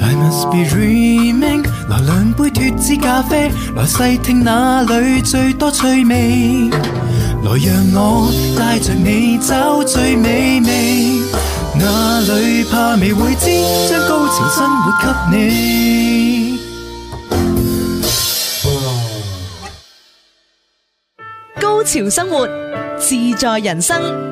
I must be dreaming。來兩杯脱脂咖啡，來細聽那裏最多趣味，來讓我帶着你找最美味。哪裏怕未會知，將高潮生活給你。高潮生活自在人生。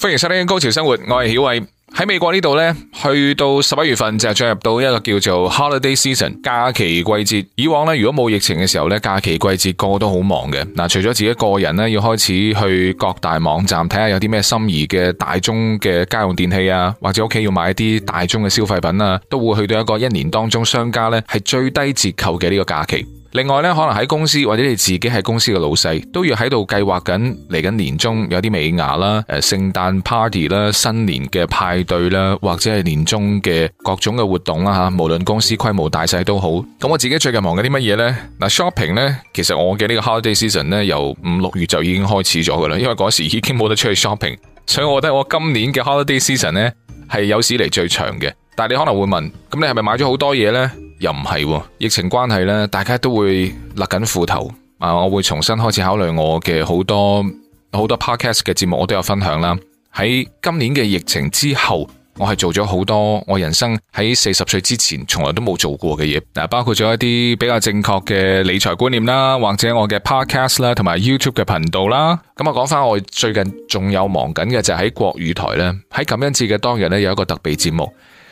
歡迎收聽《高潮生活》，我曉慧，我係曉偉。喺美國呢度呢，去到十一月份就進入到一個叫做 Holiday Season 假期季節。以往呢，如果冇疫情嘅時候呢，假期季節個個都好忙嘅。嗱，除咗自己個人呢，要開始去各大網站睇下有啲咩心儀嘅大宗嘅家用電器啊，或者屋企要買啲大宗嘅消費品啊，都會去到一個一年當中商家呢係最低折扣嘅呢個假期。另外咧，可能喺公司或者你自己喺公司嘅老細，都要喺度計劃緊嚟緊年中有啲尾牙啦、誒聖誕 party 啦、新年嘅派對啦，或者係年終嘅各種嘅活動啦吓，無論公司規模大細都好。咁我自己最近忙緊啲乜嘢咧？嗱，啊，shopping 咧，其實我嘅呢個 holiday season 咧，由五六月就已經開始咗噶啦，因為嗰時已經冇得出去 shopping，所以我覺得我今年嘅 holiday season 咧係有史嚟最長嘅。但係你可能會問，咁你係咪買咗好多嘢咧？又唔係疫情關係咧，大家都會勒緊褲頭啊！我會重新開始考慮我嘅好多好多 podcast 嘅節目，我都有分享啦。喺今年嘅疫情之後，我係做咗好多我人生喺四十歲之前從來都冇做過嘅嘢，嗱，包括咗一啲比較正確嘅理財觀念啦，或者我嘅 podcast 啦，同埋 YouTube 嘅頻道啦。咁啊，講翻我最近仲有忙緊嘅就係喺國語台咧，喺感恩節嘅當日咧，有一個特別節目。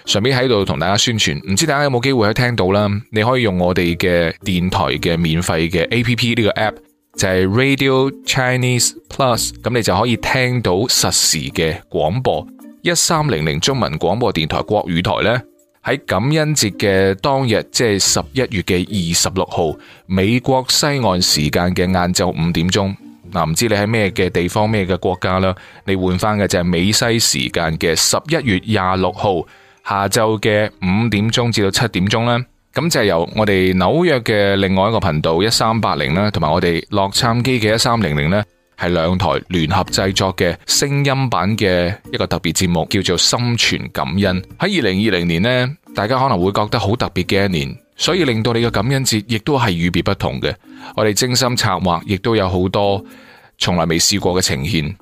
順便喺度同大家宣傳，唔知大家有冇機會可以聽到啦？你可以用我哋嘅電台嘅免費嘅 A P P 呢個 App，就係 Radio Chinese Plus，咁你就可以聽到實時嘅廣播。一三零零中文廣播電台國語台呢，喺感恩節嘅當日，即係十一月嘅二十六號，美國西岸時間嘅晏晝五點鐘。嗱，唔知你喺咩嘅地方、咩嘅國家啦？你換翻嘅就係美西時間嘅十一月廿六號。下晝嘅五點鐘至到七點鐘呢，咁就係由我哋紐約嘅另外一個頻道一三八零啦，同埋我哋洛杉磯嘅一三零零呢，係兩台聯合製作嘅聲音版嘅一個特別節目，叫做《心存感恩》。喺二零二零年呢，大家可能會覺得好特別嘅一年，所以令到你嘅感恩節亦都係與別不同嘅。我哋精心策劃，亦都有好多從來未試過嘅呈現，例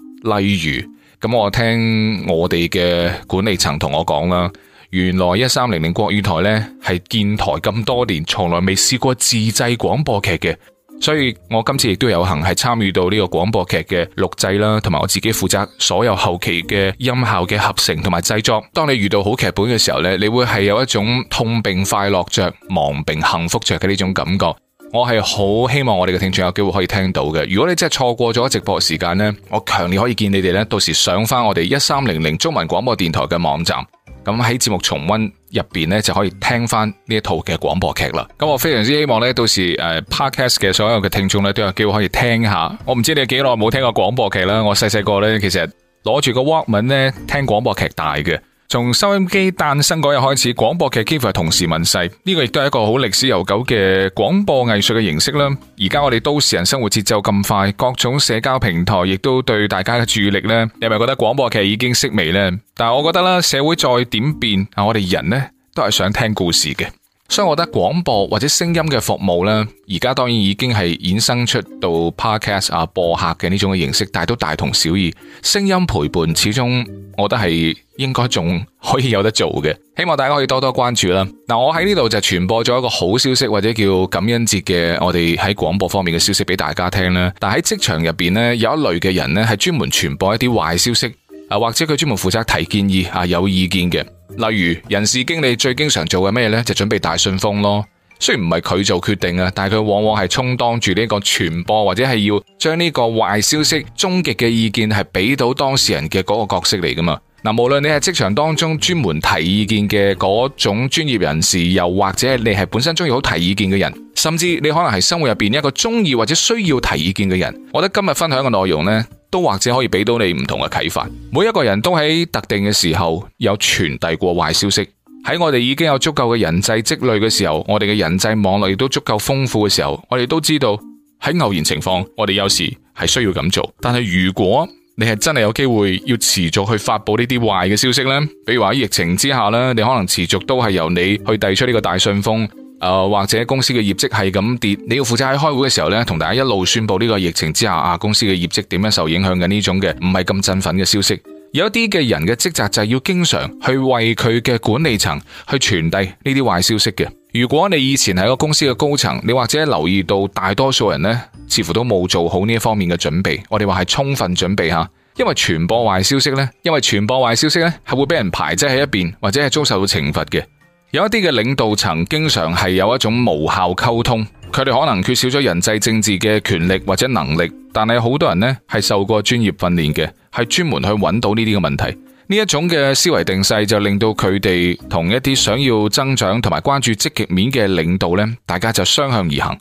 如咁，我聽我哋嘅管理層同我講啦。原來一三零零國語台呢係建台咁多年，從來未試過自製廣播劇嘅，所以我今次亦都有幸係參與到呢個廣播劇嘅錄製啦，同埋我自己負責所有後期嘅音效嘅合成同埋製作。當你遇到好劇本嘅時候呢，你會係有一種痛並快樂着、忙並幸福着嘅呢種感覺。我係好希望我哋嘅聽眾有機會可以聽到嘅。如果你真係錯過咗直播時間呢，我強烈可以建議你哋呢，到時上返我哋一三零零中文廣播電台嘅網站。咁喺節目重溫入邊咧，就可以聽翻呢一套嘅廣播劇啦。咁我非常之希望咧，到時誒，Podcast 嘅所有嘅聽眾咧，都有機會可以聽下。我唔知你幾耐冇聽過廣播劇啦。我細細個咧，其實攞住個 walkman 咧，聽廣播劇大嘅。從收音機誕生嗰日開始，廣播劇幾乎係同時問世，呢個亦都係一個好歷史悠久嘅廣播藝術嘅形式啦。而家我哋都市人生活節奏咁快，各種社交平台亦都對大家嘅注意力呢。你係咪覺得廣播劇已經式微呢？但係我覺得咧，社會再點變啊，我哋人呢都係想聽故事嘅，所以我覺得廣播或者聲音嘅服務咧，而家當然已經係衍生出到 podcast 啊播客嘅呢種嘅形式，但係都大同小異，聲音陪伴始終，我覺得係。應該仲可以有得做嘅，希望大家可以多多關注啦。嗱，我喺呢度就傳播咗一個好消息，或者叫感恩節嘅我哋喺廣播方面嘅消息俾大家聽啦。但喺職場入邊呢，有一類嘅人呢係專門傳播一啲壞消息啊，或者佢專門負責提建議啊，有意見嘅，例如人事經理最經常做嘅咩呢？就準備大信封咯。雖然唔係佢做決定啊，但係佢往往係充當住呢個傳播或者係要將呢個壞消息終極嘅意見係俾到當事人嘅嗰個角色嚟㗎嘛。嗱，無論你係職場當中專門提意見嘅嗰種專業人士，又或者你係本身中意好提意見嘅人，甚至你可能係生活入面一個中意或者需要提意見嘅人，我覺得今日分享嘅內容呢，都或者可以俾到你唔同嘅啟發。每一個人都喺特定嘅時候有傳遞過壞消息。喺我哋已經有足夠嘅人際積累嘅時候，我哋嘅人際網絡亦都足夠豐富嘅時候，我哋都知道，喺偶然情況，我哋有時係需要咁做。但係如果，你係真係有機會要持續去發佈呢啲壞嘅消息呢？比如話喺疫情之下呢，你可能持續都係由你去遞出呢個大信封，誒、呃、或者公司嘅業績係咁跌，你要負責喺開會嘅時候呢，同大家一路宣佈呢個疫情之下啊公司嘅業績點樣受影響嘅呢種嘅唔係咁振奮嘅消息。有一啲嘅人嘅職責就係要經常去為佢嘅管理層去傳遞呢啲壞消息嘅。如果你以前係一個公司嘅高層，你或者留意到大多數人呢。似乎都冇做好呢一方面嘅準備，我哋話係充分準備吓，因為傳播壞消息咧，因為傳播壞消息咧係會俾人排擠喺一邊，或者係遭受到懲罰嘅。有一啲嘅領導層經常係有一種無效溝通，佢哋可能缺少咗人際政治嘅權力或者能力，但係好多人咧係受過專業訓練嘅，係專門去揾到呢啲嘅問題。呢一種嘅思維定勢就令到佢哋同一啲想要增長同埋關注積極面嘅領導咧，大家就相向而行。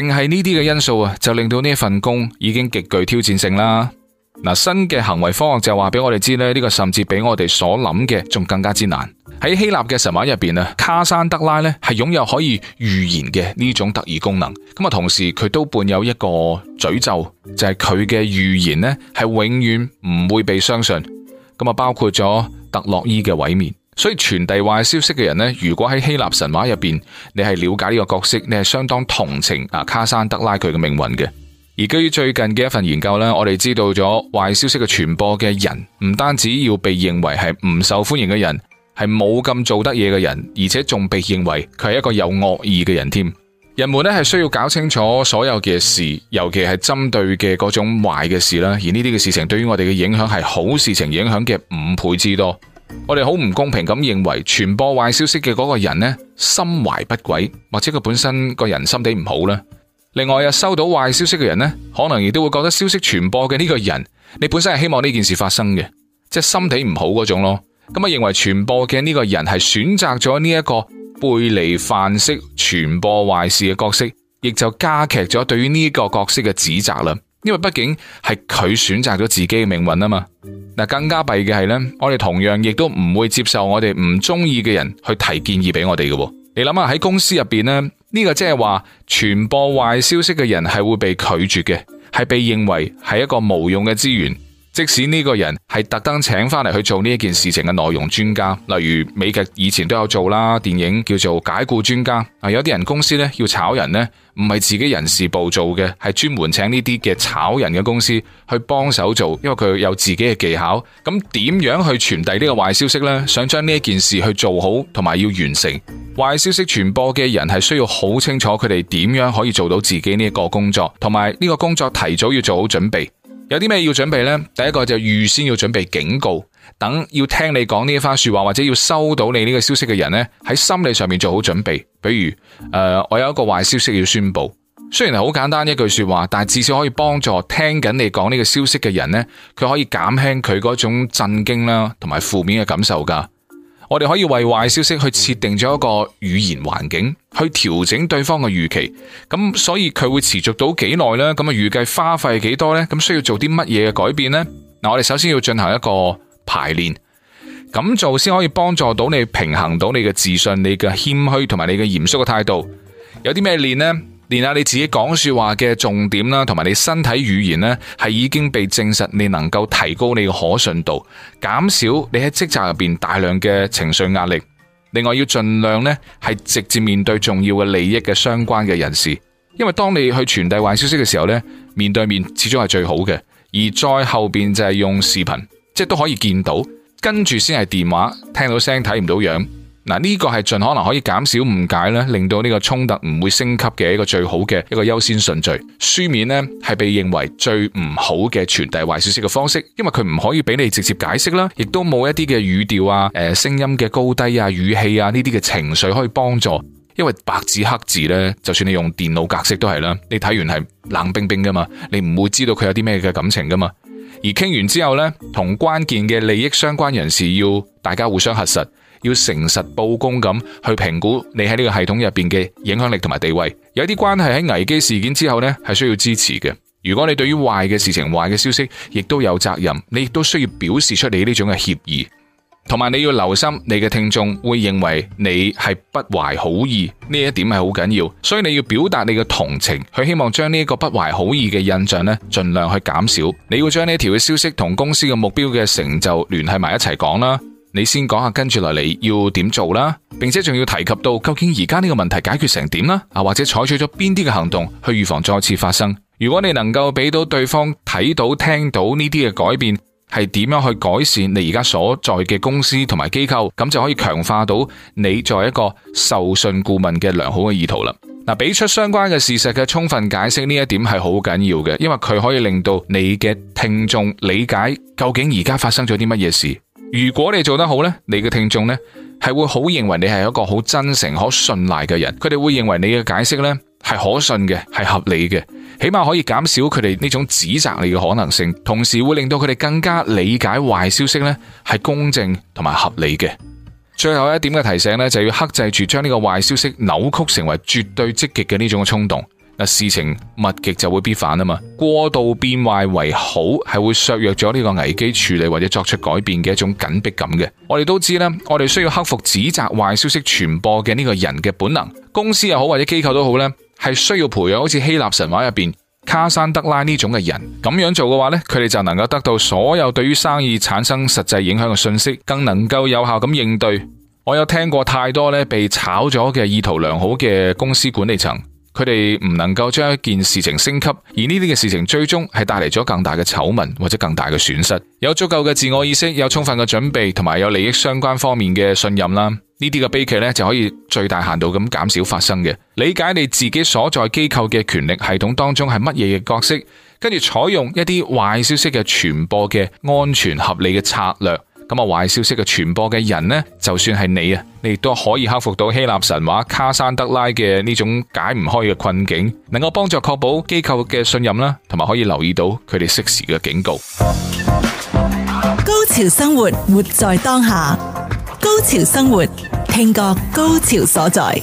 淨係呢啲嘅因素啊，就令到呢份工已經極具挑戰性啦。嗱，新嘅行為方案就話俾我哋知咧，呢個甚至比我哋所諗嘅仲更加之難。喺希臘嘅神話入邊咧，卡山德拉咧係擁有可以預言嘅呢種特異功能，咁啊同時佢都伴有一個詛咒，就係佢嘅預言呢係永遠唔會被相信，咁啊包括咗特洛伊嘅毀滅。所以傳遞壞消息嘅人呢，如果喺希臘神話入邊，你係了解呢個角色，你係相當同情啊卡山德拉佢嘅命運嘅。而基於最近嘅一份研究呢，我哋知道咗壞消息嘅傳播嘅人，唔單止要被認為係唔受歡迎嘅人，係冇咁做得嘢嘅人，而且仲被認為佢係一個有惡意嘅人添。人們呢係需要搞清楚所有嘅事，尤其係針對嘅嗰種壞嘅事啦。而呢啲嘅事情對於我哋嘅影響係好事情影響嘅五倍之多。我哋好唔公平咁認為傳播壞消息嘅嗰個人呢，心懷不軌，或者佢本身個人心地唔好啦。另外啊，又收到壞消息嘅人呢，可能亦都會覺得消息傳播嘅呢個人，你本身係希望呢件事發生嘅，即係心地唔好嗰種咯。咁啊，認為傳播嘅呢個人係選擇咗呢一個背離範式傳播壞事嘅角色，亦就加劇咗對於呢個角色嘅指責啦。因為畢竟係佢選擇咗自己嘅命運啊嘛，嗱，更加弊嘅係咧，我哋同樣亦都唔會接受我哋唔中意嘅人去提建議俾我哋嘅，你諗下喺公司入邊咧，呢個即係話傳播壞消息嘅人係會被拒絕嘅，係被認為係一個無用嘅資源。即使呢個人係特登請翻嚟去做呢一件事情嘅內容專家，例如美劇以前都有做啦，電影叫做解雇專家。啊，有啲人公司呢要炒人呢，唔係自己人事部做嘅，係專門請呢啲嘅炒人嘅公司去幫手做，因為佢有自己嘅技巧。咁點樣去傳遞呢個壞消息呢？想將呢一件事去做好，同埋要完成壞消息傳播嘅人係需要好清楚佢哋點樣可以做到自己呢一個工作，同埋呢個工作提早要做好準備。有啲咩要準備呢？第一個就預先要準備警告，等要聽你講呢番翻說話，或者要收到你呢個消息嘅人呢，喺心理上面做好準備。比如，誒、呃，我有一個壞消息要宣布，雖然係好簡單一句說話，但至少可以幫助聽緊你講呢個消息嘅人呢，佢可以減輕佢嗰種震驚啦，同埋負面嘅感受噶。我哋可以為壞消息去設定咗一個語言環境，去調整對方嘅預期。咁所以佢會持續到幾耐呢？咁啊預計花費幾多呢？咁需要做啲乜嘢嘅改變呢？嗱，我哋首先要進行一個排練，咁做先可以幫助到你平衡到你嘅自信、你嘅謙虛同埋你嘅嚴肅嘅態度。有啲咩練呢？連下你自己講說話嘅重點啦，同埋你身體語言呢，係已經被證實你能夠提高你嘅可信度，減少你喺職責入邊大量嘅情緒壓力。另外要盡量呢係直接面對重要嘅利益嘅相關嘅人士，因為當你去傳遞壞消息嘅時候呢，面對面始終係最好嘅。而再後邊就係用視頻，即係都可以見到，跟住先係電話，聽到聲睇唔到樣。嗱，呢個係盡可能可以減少誤解咧，令到呢個衝突唔會升級嘅一個最好嘅一個優先順序。書面呢係被認為最唔好嘅傳遞壞消息嘅方式，因為佢唔可以俾你直接解釋啦，亦都冇一啲嘅語調啊、誒、呃、聲音嘅高低啊、語氣啊呢啲嘅情緒可以幫助。因為白紙黑字呢，就算你用電腦格式都係啦，你睇完係冷冰冰噶嘛，你唔會知道佢有啲咩嘅感情噶嘛。而傾完之後呢，同關鍵嘅利益相關人士要大家互相核實。要誠實報告咁去評估你喺呢個系統入邊嘅影響力同埋地位。有啲關係喺危機事件之後呢係需要支持嘅。如果你對於壞嘅事情、壞嘅消息，亦都有責任，你亦都需要表示出你呢種嘅歉意。同埋你要留心，你嘅聽眾會認為你係不懷好意，呢一點係好緊要。所以你要表達你嘅同情，去希望將呢一個不懷好意嘅印象呢盡量去減少。你要將呢條嘅消息同公司嘅目標嘅成就聯繫埋一齊講啦。你先講下，跟住落嚟要點做啦，並且仲要提及到究竟而家呢個問題解決成點啦？啊，或者採取咗邊啲嘅行動去預防再次發生？如果你能夠俾到對方睇到、聽到呢啲嘅改變，係點樣去改善你而家所在嘅公司同埋機構，咁就可以強化到你作為一個受信顧問嘅良好嘅意圖啦。嗱，俾出相關嘅事實嘅充分解釋呢一點係好緊要嘅，因為佢可以令到你嘅聽眾理解究竟而家發生咗啲乜嘢事。如果你做得好呢，你嘅聽眾呢，係會好認為你係一個好真誠、可信賴嘅人，佢哋會認為你嘅解釋呢，係可信嘅、係合理嘅，起碼可以減少佢哋呢種指責你嘅可能性，同時會令到佢哋更加理解壞消息呢，係公正同埋合理嘅。最後一點嘅提醒呢，就要克制住將呢個壞消息扭曲成為絕對積極嘅呢種衝動。事情物極就會必反啊嘛，過度變壞為好係會削弱咗呢個危機處理或者作出改變嘅一種緊迫感嘅。我哋都知咧，我哋需要克服指責壞消息傳播嘅呢個人嘅本能。公司又好或者機構都好呢，係需要培養好似希臘神話入邊卡山德拉呢種嘅人。咁樣做嘅話呢，佢哋就能夠得到所有對於生意產生實際影響嘅信息，更能夠有效咁應對。我有聽過太多呢，被炒咗嘅意圖良好嘅公司管理層。佢哋唔能夠將一件事情升級，而呢啲嘅事情最終係帶嚟咗，更大嘅醜聞或者更大嘅損失。有足夠嘅自我意識，有充分嘅準備，同埋有利益相關方面嘅信任啦，呢啲嘅悲劇咧就可以最大限度咁減少發生嘅。理解你自己所在機構嘅權力系統當中係乜嘢嘅角色，跟住採用一啲壞消息嘅傳播嘅安全合理嘅策略。咁啊，壞消息嘅傳播嘅人呢？就算係你啊，你亦都可以克服到希臘神話卡珊德拉嘅呢種解唔開嘅困境，能夠幫助確保機構嘅信任啦，同埋可以留意到佢哋適時嘅警告。高潮生活，活在當下。高潮生活，聽覺高潮所在。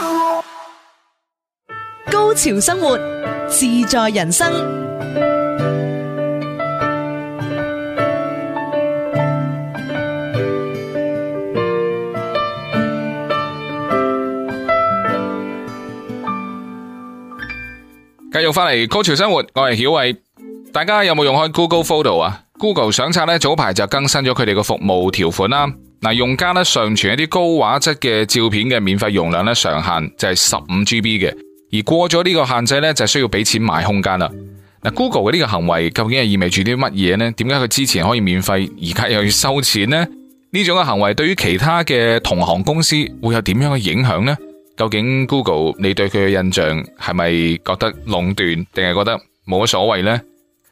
高潮生活，自在人生。繼續翻嚟高潮生活，我係曉慧。大家有冇用開 Go Google Photo 啊？Google 相冊咧早排就更新咗佢哋嘅服務條款啦。嗱，用家咧上傳一啲高畫質嘅照片嘅免費容量咧上限就係十五 GB 嘅。而過咗呢個限制咧，就需要俾錢買空間啦。嗱，Google 嘅呢個行為究竟係意味住啲乜嘢呢？點解佢之前可以免費，而家又要收錢呢？呢種嘅行為對於其他嘅同行公司會有點樣嘅影響呢？究竟 Google，你對佢嘅印象係咪覺得壟斷，定係覺得冇乜所謂呢？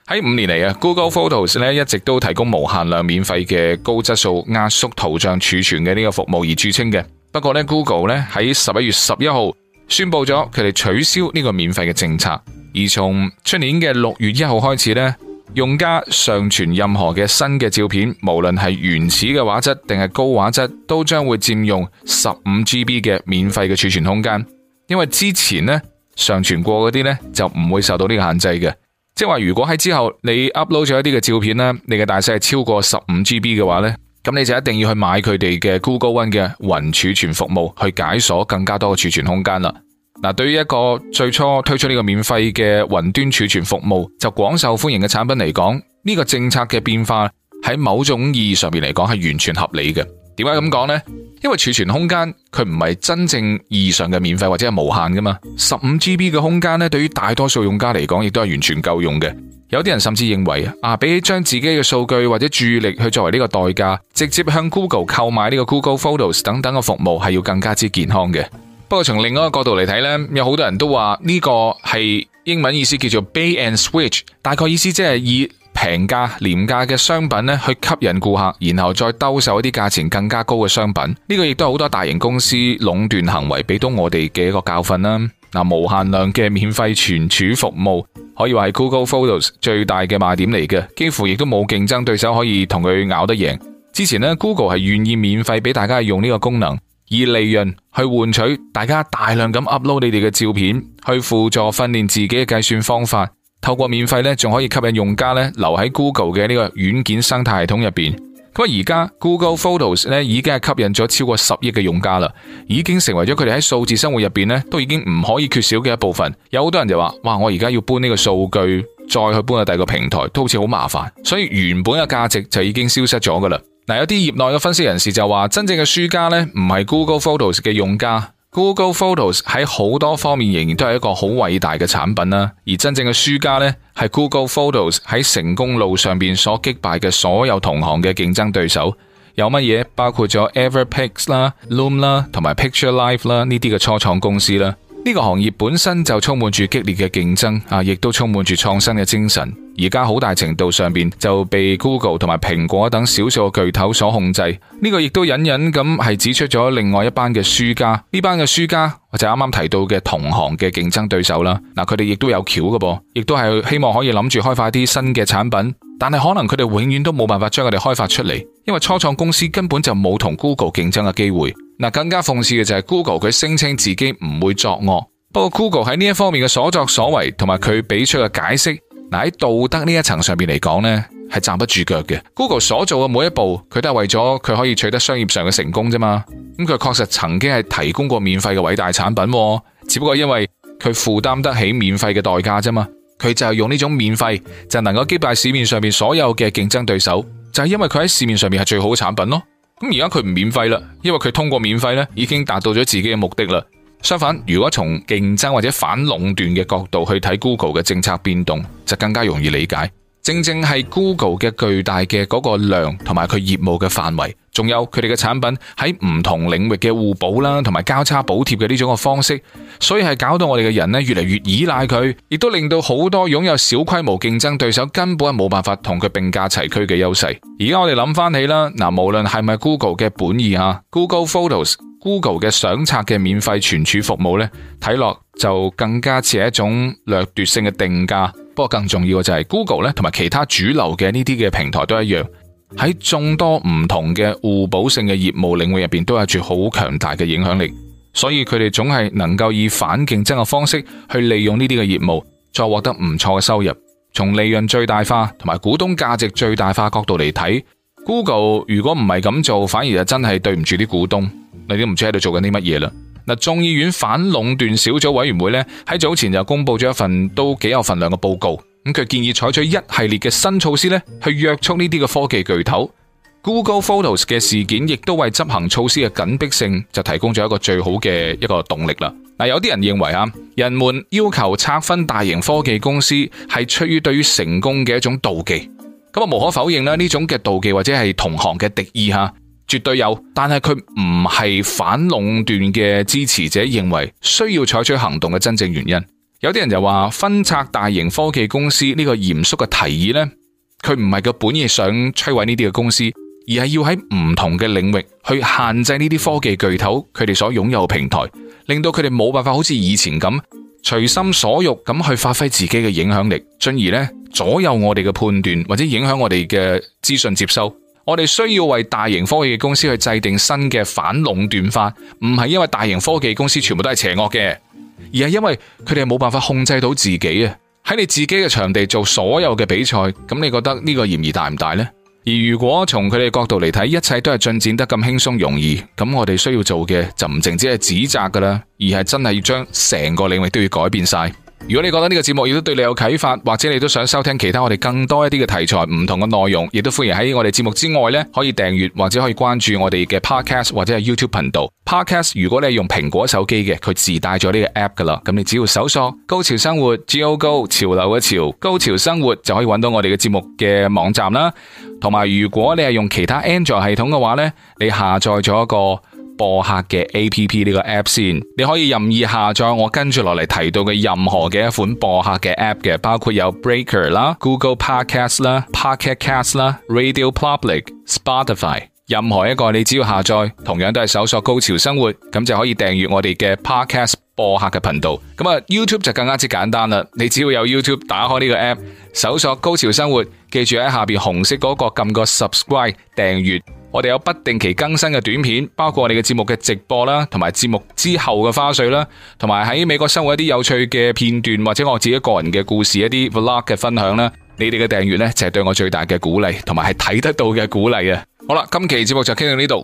喺五年嚟啊，Google Photos 咧一直都提供無限量免費嘅高質素壓縮圖像儲存嘅呢個服務而著稱嘅。不過咧，Google 咧喺十一月十一號，宣佈咗佢哋取消呢個免費嘅政策，而從出年嘅六月一號開始呢，用家上傳任何嘅新嘅照片，無論係原始嘅畫質定係高畫質，都將會佔用十五 GB 嘅免費嘅儲存空間。因為之前呢，上傳過嗰啲呢，就唔會受到呢個限制嘅，即係話如果喺之後你 upload 咗一啲嘅照片咧，你嘅大細係超過十五 GB 嘅話呢。咁你就一定要去買佢哋嘅 Google One 嘅雲儲存服務去解鎖更加多嘅儲存空間啦。嗱，對於一個最初推出呢個免費嘅雲端儲存服務就廣受歡迎嘅產品嚟講，呢個政策嘅變化喺某種意義上面嚟講係完全合理嘅。點解咁講呢？因為儲存空間佢唔係真正意義上嘅免費或者係無限噶嘛。十五 GB 嘅空間呢，對於大多數用家嚟講，亦都係完全夠用嘅。有啲人甚至認為啊，比起將自己嘅數據或者注意力去作為呢個代價，直接向 Google 購買呢個 Google Photos 等等嘅服務，係要更加之健康嘅。不過從另一個角度嚟睇呢，有好多人都話呢個係英文意思叫做 Bay and Switch，大概意思即係以。平價、廉價嘅商品咧，去吸引顧客，然後再兜售一啲價錢更加高嘅商品。呢、這個亦都係好多大型公司壟斷行為俾到我哋嘅一個教訓啦。嗱，無限量嘅免費存儲服務，可以話係 Google Photos 最大嘅賣點嚟嘅，幾乎亦都冇競爭對手可以同佢咬得贏。之前咧，Google 係願意免費俾大家用呢個功能，以利潤去換取大家大量咁 upload 你哋嘅照片，去輔助訓練自己嘅計算方法。透過免費咧，仲可以吸引用家咧留喺 Google 嘅呢個軟件生態系統入邊。咁啊，而家 Google Photos 咧已經係吸引咗超過十億嘅用家啦，已經成為咗佢哋喺數字生活入邊咧都已經唔可以缺少嘅一部分。有好多人就話：哇，我而家要搬呢個數據再去搬去第二個平台，都好似好麻煩。所以原本嘅價值就已經消失咗噶啦。嗱，有啲業內嘅分析人士就話：真正嘅輸家咧，唔係 Google Photos 嘅用家。Google Photos 喺好多方面仍然都係一個好偉大嘅產品啦，而真正嘅輸家呢，係 Google Photos 喺成功路上邊所擊敗嘅所有同行嘅競爭對手，有乜嘢？包括咗 Everpix 啦、Loom 啦、同埋 Picture Life 啦，呢啲嘅初創公司啦。呢個行業本身就充滿住激烈嘅競爭，啊，亦都充滿住創新嘅精神。而家好大程度上面就被 Google 同埋蘋果等少數嘅巨頭所控制。呢、這個亦都隱隱咁係指出咗另外一班嘅輸家。呢班嘅輸家或者啱啱提到嘅同行嘅競爭對手啦，嗱、啊，佢哋亦都有橋㗎喎，亦都係希望可以諗住開發一啲新嘅產品，但係可能佢哋永遠都冇辦法將佢哋開發出嚟。因為初創公司根本就冇同 Google 競爭嘅機會，嗱，更加諷刺嘅就係 Google 佢聲稱自己唔會作惡。不過 Google 喺呢一方面嘅所作所為，同埋佢俾出嘅解釋，嗱，喺道德呢一層上邊嚟講呢係站不住腳嘅。Google 所做嘅每一步，佢都係為咗佢可以取得商業上嘅成功啫嘛。咁佢確實曾經係提供過免費嘅偉大產品，哦，只不過因為佢負擔得起免費嘅代價啫嘛。佢就係用呢種免費就能夠擊敗市面上邊所有嘅競爭對手。就係因為佢喺市面上面係最好嘅產品咯，咁而家佢唔免費啦，因為佢通過免費咧已經達到咗自己嘅目的啦。相反，如果從競爭或者反壟斷嘅角度去睇 Google 嘅政策變動，就更加容易理解。正正係 Google 嘅巨大嘅嗰個量同埋佢業務嘅範圍，仲有佢哋嘅產品喺唔同領域嘅互補啦，同埋交叉補貼嘅呢種嘅方式，所以係搞到我哋嘅人咧越嚟越依賴佢，亦都令到好多擁有小規模競爭對手根本係冇辦法同佢並駕齊驅嘅優勢。而家我哋諗翻起啦，嗱，無論係咪 Google 嘅本意啊，Google Photos、Google 嘅相冊嘅免費存儲服務呢，睇落就更加似係一種掠奪性嘅定價。不過更重要嘅就係 Google 咧，同埋其他主流嘅呢啲嘅平台都一樣。喺眾多唔同嘅互補性嘅業務領域入邊，都有住好強大嘅影響力，所以佢哋總係能夠以反競爭嘅方式去利用呢啲嘅業務，再獲得唔錯嘅收入。從利潤最大化同埋股東價值最大化角度嚟睇，Google 如果唔係咁做，反而就真係對唔住啲股東。你都唔知喺度做緊啲乜嘢啦。嗱，眾議院反壟斷小組委員會咧，喺早前就公布咗一份都幾有份量嘅報告。佢建議採取一系列嘅新措施咧，去約束呢啲嘅科技巨頭。Google Photos 嘅事件亦都為執行措施嘅緊迫性就提供咗一個最好嘅一個動力啦。嗱，有啲人認為啊，人們要求拆分大型科技公司係出於對於成功嘅一種妒忌。咁啊，無可否認咧，呢種嘅妒忌或者係同行嘅敵意吓，絕對有。但係佢唔係反壟斷嘅支持者認為需要採取行動嘅真正原因。有啲人就話分拆大型科技公司呢個嚴肅嘅提議呢，佢唔係個本意想摧毀呢啲嘅公司，而係要喺唔同嘅領域去限制呢啲科技巨頭佢哋所擁有嘅平台，令到佢哋冇辦法好似以前咁隨心所欲咁去發揮自己嘅影響力，進而呢左右我哋嘅判斷或者影響我哋嘅資訊接收。我哋需要為大型科技公司去制定新嘅反壟斷法，唔係因為大型科技公司全部都係邪惡嘅。而係因為佢哋冇辦法控制到自己啊！喺你自己嘅場地做所有嘅比賽，咁你覺得呢個嫌疑大唔大呢？而如果從佢哋角度嚟睇，一切都係進展得咁輕鬆容易，咁我哋需要做嘅就唔淨止係指責噶啦，而係真係要將成個領域都要改變晒。如果你覺得呢個節目亦都對你有啟發，或者你都想收聽其他我哋更多一啲嘅題材、唔同嘅內容，亦都歡迎喺我哋節目之外呢，可以訂閱或者可以關注我哋嘅 podcast 或者係 YouTube 頻道。podcast 如果你係用蘋果手機嘅，佢自帶咗呢個 app 㗎喇，咁你只要搜索高潮生活 JoGo 潮流嘅潮高潮生活就可以揾到我哋嘅節目嘅網站啦。同埋如果你係用其他 Android 系統嘅話呢，你下載咗一個。播客嘅 A P P 呢個 App 先，你可以任意下載我跟住落嚟提到嘅任何嘅一款播客嘅 App 嘅，包括有 Breaker 啦、Google Podcast 啦、Pocket Cast 啦、Radio Public、Spotify，任何一個你只要下載，同樣都係搜索高潮生活，咁就可以訂閱我哋嘅 Podcast 播客嘅頻道。咁啊，YouTube 就更加之簡單啦，你只要有 YouTube 打開呢個 App，搜索高潮生活，記住喺下邊紅色嗰個撳個 Subscribe 訂閱。我哋有不定期更新嘅短片，包括我哋嘅節目嘅直播啦，同埋節目之後嘅花絮啦，同埋喺美國生活一啲有趣嘅片段，或者我自己個人嘅故事一啲 vlog 嘅分享啦。你哋嘅訂閱呢，就係對我最大嘅鼓勵，同埋係睇得到嘅鼓勵啊！好啦，今期節目就傾到呢度。